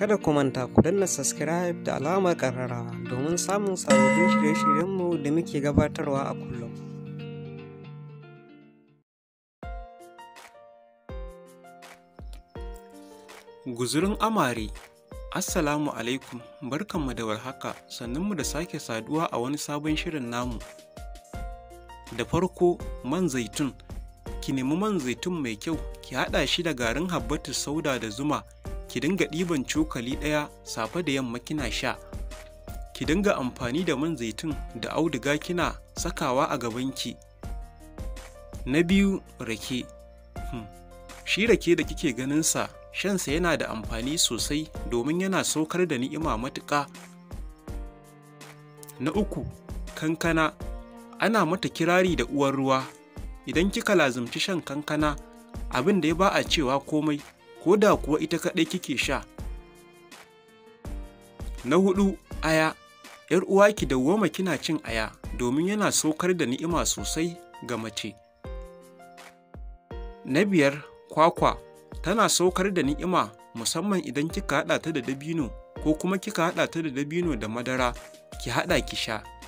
Kada ku manta ku danna subscribe da alamar ƙararrawa domin samun sababbin shirye-shiryenmu da muke gabatarwa a kullum. Guzurin amare Assalamu alaikum, barkanmu da warhaka, sannunmu da sake saduwa a wani sabon shirin namu. Da farko, man zaitun, ki nemi man zaitun mai kyau, ki haɗa shi da garin habbatus sauda da zuma, ki dinga ɗiban cokali ɗaya safe da yamma kina sha ki dinga amfani da man zaitun da auduga kina sakawa a gabanki na biyu rake hmm. shi rake da kike ganinsa shansa yana da amfani sosai domin yana saukar da ni'ima matuƙa na uku kankana ana mata kirari da uwar ruwa idan kika lazumci shan kankana abin da ya ba a cewa komai ko da kuwa ita kaɗai kike sha na hudu aya ‘yar uwa ki dawwama kina cin aya domin yana saukar da ni'ima sosai ga mace na biyar kwakwa tana saukar da ni'ima musamman idan kika haɗa ta da dabino ko kuma kika haɗa ta da dabino da madara ki haɗa ki sha